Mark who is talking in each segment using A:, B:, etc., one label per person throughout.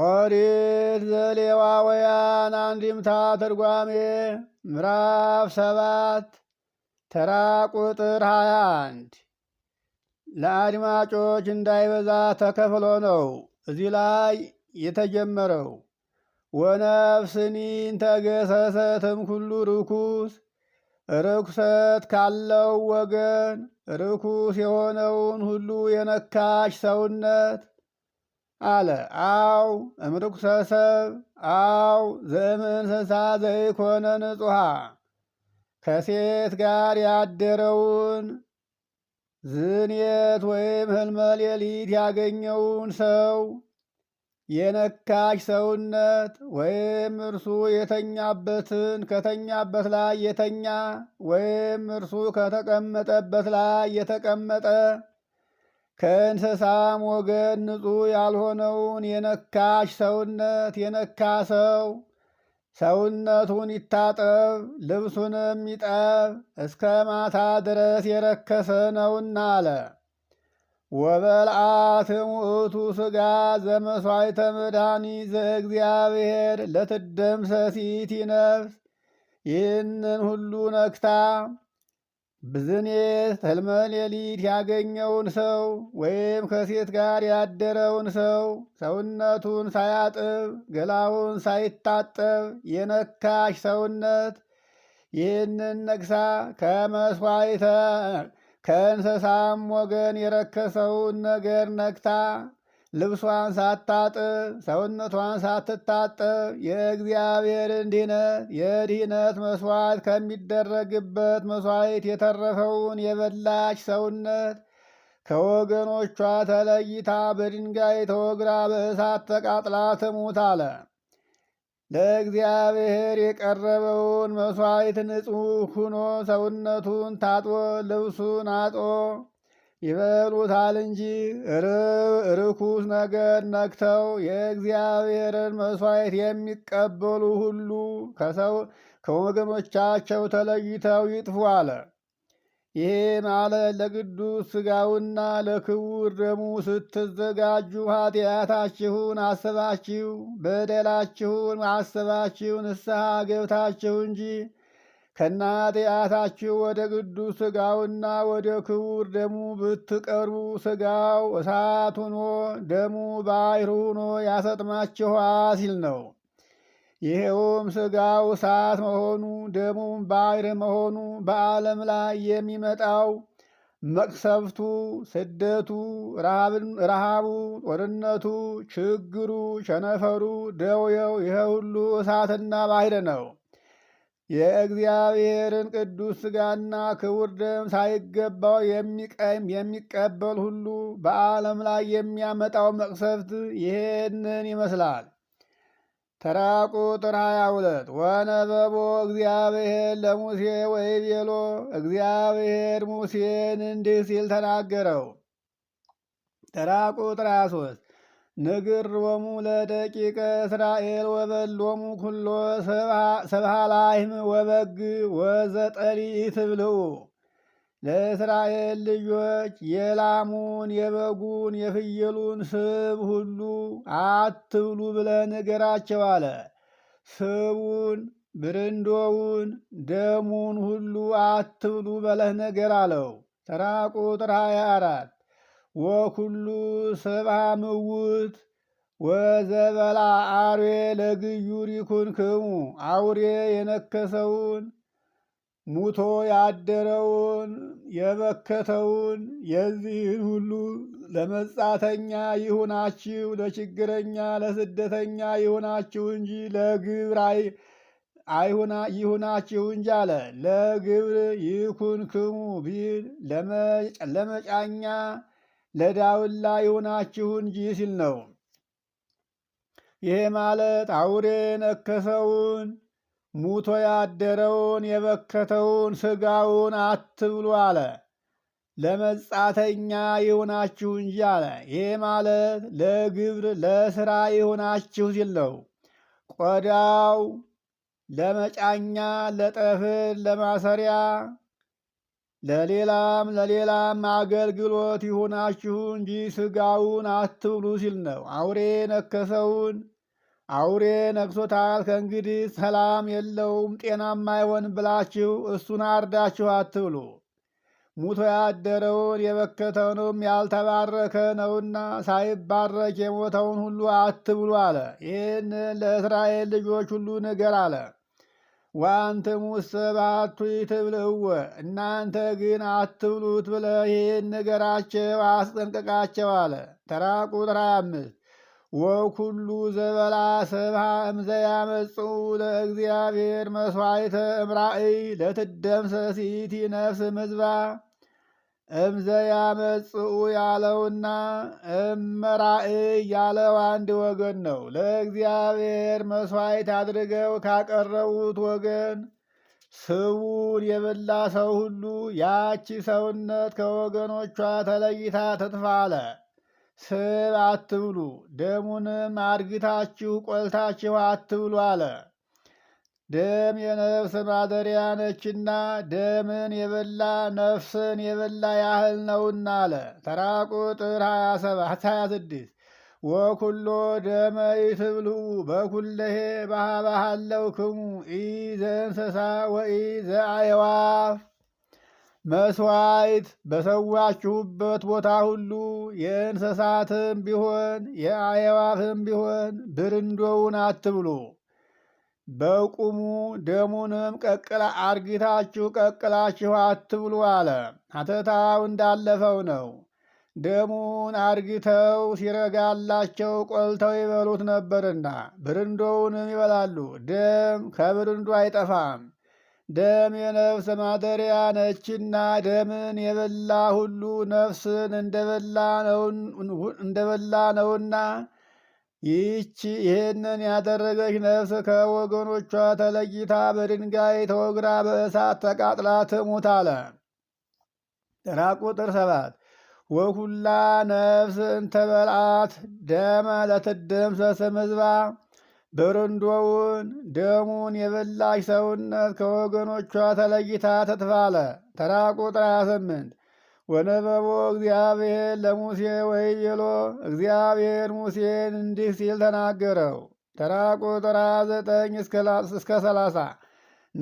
A: ኦሪት ዘሌዋውያን አንድምታ ተርጓሜ ምዕራፍ ሰባት ተራ ቁጥር ሀያ አንድ ለአድማጮች እንዳይበዛ ተከፍሎ ነው እዚህ ላይ የተጀመረው። ወነፍስኒን ተገሰሰትም ሁሉ ርኩስ ርኩሰት ካለው ወገን ርኩስ የሆነውን ሁሉ የነካች ሰውነት አለ አው እምርኩሰሰብ አው ዘምን ዘእምእንስሳ ዘይኮነ ንጹሃ ከሴት ጋር ያደረውን ዝንየት ወይም ህልመ ሌሊት ያገኘውን ሰው የነካች ሰውነት ወይም እርሱ የተኛበትን ከተኛበት ላይ የተኛ ወይም እርሱ ከተቀመጠበት ላይ የተቀመጠ ከእንስሳም ወገን ንጹሕ ያልሆነውን የነካሽ ሰውነት የነካ ሰው ሰውነቱን ይታጠብ፣ ልብሱንም ይጠብ፣ እስከ ማታ ድረስ የረከሰ ነውና አለ። ወበልአትም ውእቱ ሥጋ ዘመሥዋዕተ መድኃኒት ዘእግዚአብሔር ለትደምሰሲቲ ነፍስ ይህንን ሁሉ ነክታ ብዝኔስ ህልመ ሌሊት ያገኘውን ሰው ወይም ከሴት ጋር ያደረውን ሰው ሰውነቱን ሳያጥብ ገላውን ሳይታጠብ የነካሽ ሰውነት ይህንን ነግሳ ከመስዋይተ ከእንስሳም ወገን የረከሰውን ነገር ነግታ ልብሷን ሳታጥብ ሰውነቷን ሳትታጠብ የእግዚአብሔርን ድህነት የድህነት መስዋዕት ከሚደረግበት መስዋዕት የተረፈውን የበላች ሰውነት ከወገኖቿ ተለይታ በድንጋይ ተወግራ በእሳት ተቃጥላ ትሙት አለ። ለእግዚአብሔር የቀረበውን መስዋዕት ንጹሕ ሁኖ ሰውነቱን ታጥቦ ልብሱን አጦ ይበሉታል እንጂ ርኩስ ነገር ነክተው የእግዚአብሔርን መሥዋዕት የሚቀበሉ ሁሉ ከሰው ከወገኖቻቸው ተለይተው ይጥፉ አለ። ይሄ ማለት ለቅዱስ ሥጋውና ለክቡር ደሙ ስትዘጋጁ ኃጢአታችሁን አስባችሁ በደላችሁን አስባችሁ ንስሐ ገብታችሁ እንጂ ከእናት ያታችሁ ወደ ቅዱስ ስጋውና ወደ ክቡር ደሙ ብትቀርቡ ስጋው እሳት ሆኖ ደሙ ባሕር ሆኖ ያሰጥማችኋል ሲል ነው። ይኸውም ስጋው እሳት መሆኑ ደሙም ባይር መሆኑ በዓለም ላይ የሚመጣው መቅሰፍቱ፣ ስደቱ፣ ረሃቡ፣ ጦርነቱ፣ ችግሩ፣ ቸነፈሩ፣ ደውየው ይኸ ሁሉ እሳትና ባህር ነው። የእግዚአብሔርን ቅዱስ ሥጋና ክቡር ደም ሳይገባው የሚቀም የሚቀበል ሁሉ በዓለም ላይ የሚያመጣው መቅሰፍት ይህንን ይመስላል። ተራ ቁጥር 22 ወነበቦ እግዚአብሔር ለሙሴ ቤሎ እግዚአብሔር ሙሴን እንዲህ ሲል ተናገረው። ተራ ቁጥር 23 ንግሮሙ ለደቂቀ እስራኤል ወበሎሙ ኩሎ ሰብሃላይም ወበግ ወዘጠሪ ትብልዑ። ለእስራኤል ልጆች የላሙን የበጉን የፍየሉን ስብ ሁሉ አትብሉ ብለ ንገራቸው አለ። ስቡን ብርንዶውን ደሙን ሁሉ አትብሉ በለህ ነገር አለው። ተራ ቁጥር 24 ወኩሉ ሰባ ምውት ወዘበላ አርዌ ለግዩር ይኩንክሙ አውሬ የነከሰውን ሙቶ ያደረውን የበከተውን የዚህን ሁሉ ለመጻተኛ ይሁናችሁ፣ ለችግረኛ ለስደተኛ ይሁናችሁ እንጂ ለግብር ይሁናችሁ እንጂ አለ። ለግብር ይኩንክሙ ቢል ለመጫኛ ለዳውላ ይሆናችሁ እንጂ ሲል ነው። ይሄ ማለት አውሬ ነከሰውን ሙቶ ያደረውን የበከተውን ስጋውን አትብሉ አለ። ለመጻተኛ ይሆናችሁ እንጂ አለ። ይሄ ማለት ለግብር ለስራ ይሆናችሁ ሲል ነው። ቆዳው ለመጫኛ፣ ለጠፍር፣ ለማሰሪያ ለሌላም ለሌላም አገልግሎት ይሆናችሁ እንጂ ስጋውን አትብሉ ሲል ነው። አውሬ ነከሰውን አውሬ ነክሶታል፣ ከእንግዲህ ሰላም የለውም ጤናማ ይሆን ብላችሁ እሱን አርዳችሁ አትብሉ። ሙቶ ያደረውን የበከተውንም ያልተባረከ ነውና ሳይባረክ የሞተውን ሁሉ አትብሉ አለ። ይህን ለእስራኤል ልጆች ሁሉ ንገር አለ። ዋንተ ሙሰ ባቱ ትብልዎ እናንተ ግን አትብሉት ብለ ይህን ንገራቸው አስጠንቅቃቸው አለ። ተራ ቁጥር አምስት ወኩሉ ዘበላ ሰብሃ እምዘ እምዘያመጹ ለእግዚአብሔር መስዋዕተ እምራእይ ለትደምሰሲቲ ነፍስ ምዝባ እምዘ ያመጽኡ ያለውና እመራእ ያለው አንድ ወገን ነው። ለእግዚአብሔር መስዋዕት አድርገው ካቀረቡት ወገን ስቡን የበላ ሰው ሁሉ ያቺ ሰውነት ከወገኖቿ ተለይታ ትጥፋ አለ። ስብ አትብሉ፣ ደሙንም አድግታችሁ ቆልታችሁ አትብሉ አለ። ደም የነፍስ ማደሪያ ነችና ደምን የበላ ነፍስን የበላ ያህል ነውና አለ። ተራ ቁጥር 27 ወኩሎ ደመ ይትብሉ በኩለሄ ባህባሃለው ክሙ ኢ ዘእንስሳ ወኢ ዘአዕዋፍ መስዋይት በሰዋችሁበት ቦታ ሁሉ የእንስሳትም ቢሆን የአዕዋፍም ቢሆን ብርንዶውን አትብሉ። በቁሙ ደሙንም ቀቅለ አርግታችሁ ቀቅላችሁ አትብሉ አለ። አተታው እንዳለፈው ነው። ደሙን አርግተው ሲረጋላቸው ቆልተው ይበሉት ነበርና ብርንዶውንም ይበላሉ። ደም ከብርንዶ አይጠፋም። ደም የነፍስ ማደሪያ ነችና ደምን የበላ ሁሉ ነፍስን እንደበላ ነውና ይህች ይህንን ያደረገች ነፍስ ከወገኖቿ ተለይታ በድንጋይ ተወግራ በእሳት ተቃጥላ ትሙት አለ። ጥራ ቁጥር ሰባት ወሁላ ነፍስ እንተበልአት ደመ ለትድም ሰስም ህዝባ በረንዶውን ደሙን የበላች ሰውነት ከወገኖቿ ተለይታ ትጥፋለ። ተራ ቁጥር 28 ወነበቦ እግዚአብሔር ለሙሴ ወይቤሎ እግዚአብሔር ሙሴን እንዲህ ሲል ተናገረው። ተራ ቁጥር ዘጠኝ እስከ ሰላሳ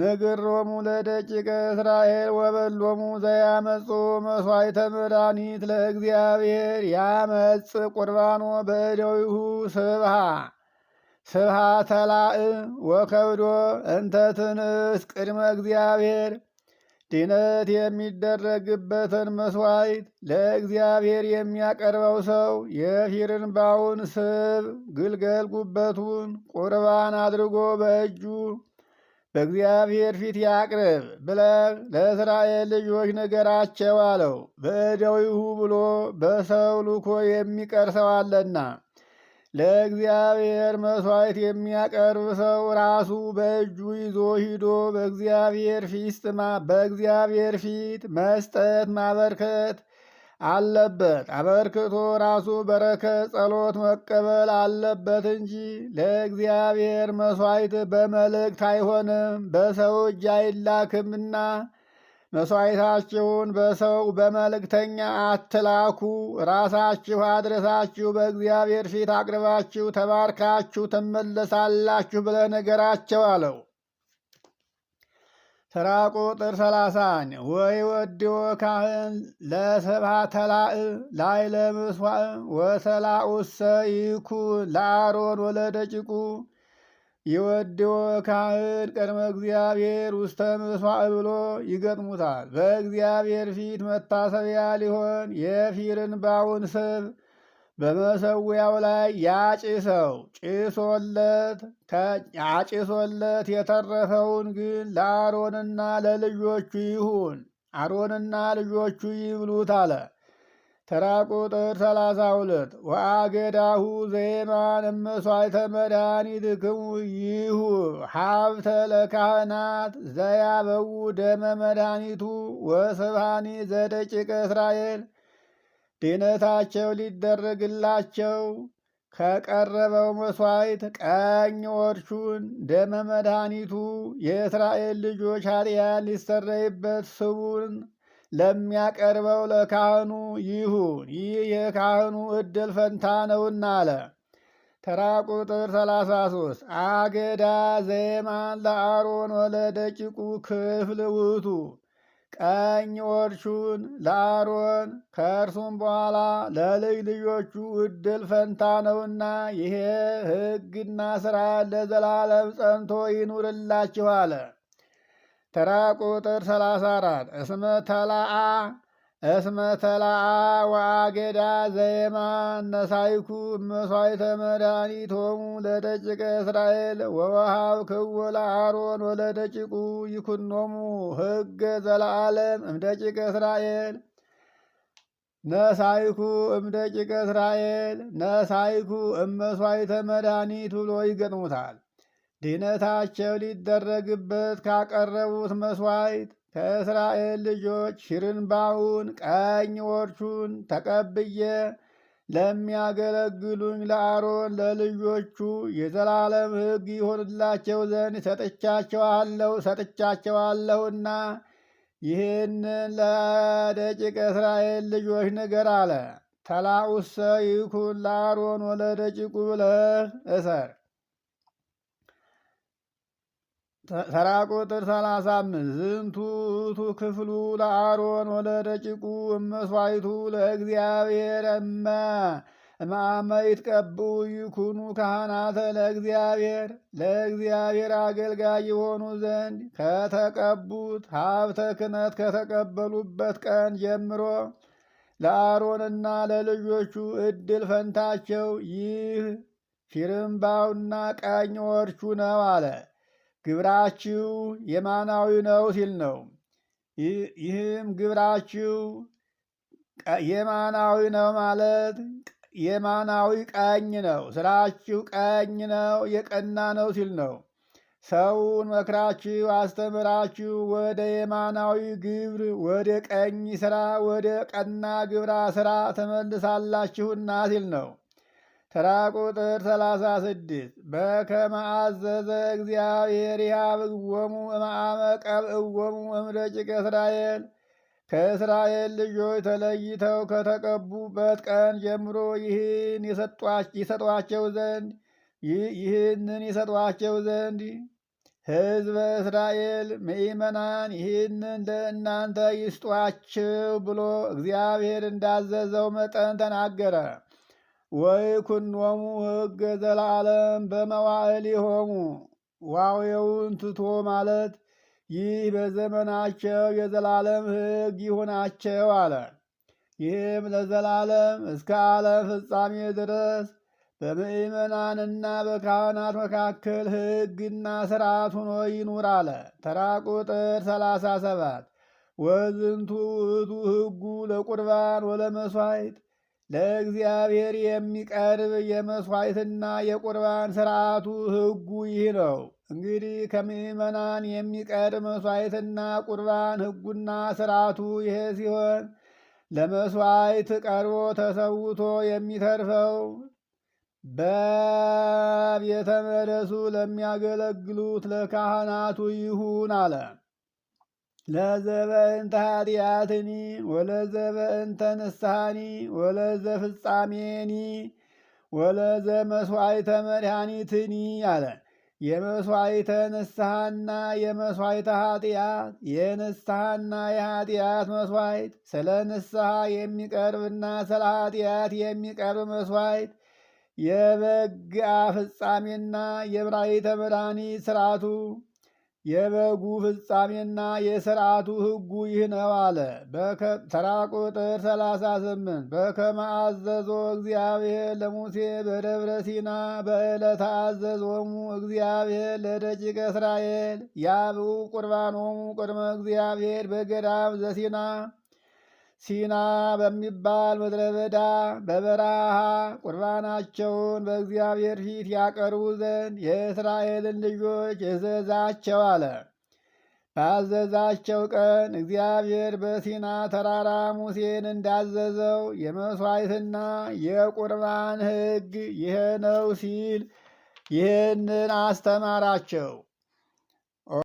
A: ንግሮሙ ለደቂቀ እስራኤል ወበሎሙ ዘያመፁ መሥዋዕተ መድኃኒት ለእግዚአብሔር ያመጽ ቁርባኖ በእደዊሁ ስብሃ ስብሃ ተላእ ወከብዶ እንተ ትንስ ቅድመ እግዚአብሔር ድነት የሚደረግበትን መስዋዕት ለእግዚአብሔር የሚያቀርበው ሰው የፊር ስብ ግልገል ጉበቱን ቁርባን አድርጎ በእጁ በእግዚአብሔር ፊት ያቅርብ ብለህ ለእስራኤል ልጆች ነገራቸው አለው። በእደዊሁ ብሎ በሰው ልኮ የሚቀርሰው አለና ለእግዚአብሔር መሥዋዕት የሚያቀርብ ሰው ራሱ በእጁ ይዞ ሂዶ በእግዚአብሔር ፊት በእግዚአብሔር ፊት መስጠት ማበርከት አለበት። አበርክቶ ራሱ በረከት ጸሎት መቀበል አለበት እንጂ ለእግዚአብሔር መሥዋዕት በመልእክት አይሆንም፣ በሰው እጅ አይላክምና መሥዋዕታችሁን በሰው በመልእክተኛ አትላኩ። ራሳችሁ አድረሳችሁ በእግዚአብሔር ፊት አቅርባችሁ ተባርካችሁ ትመለሳላችሁ ብለ ነገራቸው አለው። ተራ ቁጥር ሰላሳን ወይ ወዲዎ ካህን ተላእ ላይ ወሰላ ውሰ ይኩ ለአሮን ወለደጭቁ የወድወ ካህን ቀድመ እግዚአብሔር ውስተ ምስዋዕ ብሎ ይገጥሙታል። በእግዚአብሔር ፊት መታሰቢያ ሊሆን የፊርን ባውን ስብ በመሰዊያው ላይ ያጭሰው ጭሶለት አጭሶለት የተረፈውን ግን ለአሮንና ለልጆቹ ይሁን፣ አሮንና ልጆቹ ይብሉት አለ። ተራ ቁጥር 32 ሁለት ወአገዳሁ ዘየማን እመሷይተ መድኃኒት ክሙ ይሁ ሀብተ ለካህናት ዘያበው ደመ መድኃኒቱ ወስብሃኒ ዘደቂቀ እስራኤል ድነታቸው ሊደረግላቸው ከቀረበው መስዋዕት ቀኝ ወርቹን ደመ መድኃኒቱ የእስራኤል ልጆች አርያ ሊሰረይበት ስቡን ለሚያቀርበው ለካህኑ ይሁን፣ ይህ የካህኑ እድል ፈንታ ነውና አለ። ተራ ቁጥር 33 አገዳ ዘየማን ለአሮን ወለደቂቁ ክፍል ውቱ ቀኝ ወርቹን ለአሮን ከእርሱም በኋላ ለልጅ ልጆቹ እድል ፈንታ ነውና ይሄ ሕግና ሥራ ለዘላለም ጸንቶ ይኑርላችኋል። ተራ ቁጥር 34 እስመ ተላአ እስመ ተላአ ወአጌዳ ዘየማ ነሳይኩ እመሷይተ መድኃኒቶሙ ለደቂቀ እስራኤል ወወሃብ ክወላ አሮን ወለደቂቁ ይኩኖሙ ሕገ ዘለዓለም እምደቂቀ እስራኤል ነሳይኩ እምደቂቀ እስራኤል ነሳይኩ እመሷይተ መድኃኒት ብሎ ይገጥሙታል። ድህነታቸው ሊደረግበት ካቀረቡት መስዋይት ከእስራኤል ልጆች ሽርንባውን ቀኝ ወርቹን ተቀብዬ ለሚያገለግሉኝ ለአሮን ለልጆቹ የዘላለም ሕግ ይሆንላቸው ዘንድ ሰጥቻቸዋለሁ ሰጥቻቸዋለሁና ይህንን ለደቂቀ እስራኤል ልጆች ንገር አለ። ተላኡሰ ይኩን ለአሮን ወለደቂቁ ብለህ እሰር። ተራ ቁጥር ሰላሳ አምስት ዝንቱ ውእቱ ክፍሉ ለአሮን ወለደቂቁ እመስዋይቱ ለእግዚአብሔር እመ እምአመ ይትቀብኡ ይኩኑ ካህናተ ለእግዚአብሔር ለእግዚአብሔር አገልጋይ የሆኑ ዘንድ ከተቀቡት ሀብተ ክነት ከተቀበሉበት ቀን ጀምሮ ለአሮንና ለልጆቹ እድል ፈንታቸው ይህ ፊርምባውና ቀኝ ወርቹ ነው አለ። ግብራችሁ የማናዊ ነው ሲል ነው። ይህም ግብራችሁ የማናዊ ነው ማለት የማናዊ ቀኝ ነው። ስራችሁ ቀኝ ነው፣ የቀና ነው ሲል ነው። ሰውን መክራችሁ አስተምራችሁ ወደ የማናዊ ግብር፣ ወደ ቀኝ ስራ፣ ወደ ቀና ግብራ ስራ ተመልሳላችሁና ሲል ነው። ተራ ቁጥር 36 በከመ አዘዘ እግዚአብሔር ያብእዎሙ እምአመ ቀብእዎሙ እምደቂቀ እስራኤል ከእስራኤል ልጆች ተለይተው ከተቀቡበት ቀን ጀምሮ ይህን ይሰጧቸው ዘንድ ይህንን ይሰጧቸው ዘንድ ሕዝበ እስራኤል ምእመናን ይህንን ለእናንተ ይስጧችው ብሎ እግዚአብሔር እንዳዘዘው መጠን ተናገረ። ወይ ወይኩኖሙ ሕገ ዘለዓለም በመዋዕሊሆሙ ዋውየውን ትቶ ማለት ይህ በዘመናቸው የዘላለም ህግ ይሁናቸው አለ። ይህም ለዘላለም እስከ ዓለም ፍጻሜ ድረስ በምእመናንና በካህናት መካከል ህግና ስርዓት ሆኖ ይኑር አለ። ተራ ቁጥር ሰላሳ ሰባት ወዝንቱ ውእቱ ሕጉ ለቁርባን ወለመሷይት! ለእግዚአብሔር የሚቀርብ የመሥዋዕትና የቁርባን ሥርዓቱ ሕጉ ይህ ነው። እንግዲህ ከምዕመናን የሚቀርብ መሥዋዕትና ቁርባን ሕጉና ሥርዓቱ ይሄ ሲሆን ለመሥዋዕት ቀርቦ ተሰውቶ የሚተርፈው በቤተ መቅደሱ ለሚያገለግሉት ለካህናቱ ይሁን አለ። ለዘበእንተ ኃጢአትኒ ወለዘበእንተ ንስሐኒ ወለዘ ፍጻሜኒ ወለዘ መስዋዕተ መድኃኒትኒ አለ። የመስዋዕተ ንስሐና የመስዋዕተ ኃጢአት፣ የንስሐና የኃጢአት መስዋዕት፣ ስለ ንስሐ የሚቀርብና ስለ ኃጢአት የሚቀርብ መስዋዕት፣ የበጋ ፍጻሜና የብራይተ መድኃኒት ስርዓቱ የበጉ ፍጻሜና የሥርዓቱ ሕጉ ይህ ነው አለ። ተራ ቁጥር 38 ስምንት በከመ አዘዞ እግዚአብሔር ለሙሴ በደብረ ሲና በዕለተ አዘዞሙ እግዚአብሔር ለደቂቀ እስራኤል ያብኡ ቁርባኖሙ ቅድመ እግዚአብሔር በገዳም ዘሲና ሲና በሚባል ምድረ በዳ በበረሃ ቁርባናቸውን በእግዚአብሔር ፊት ያቀርቡ ዘንድ የእስራኤልን ልጆች እዘዛቸው አለ። ባዘዛቸው ቀን እግዚአብሔር በሲና ተራራ ሙሴን እንዳዘዘው የመሥዋዕትና የቁርባን ሕግ ይህ ነው ሲል ይህንን አስተማራቸው።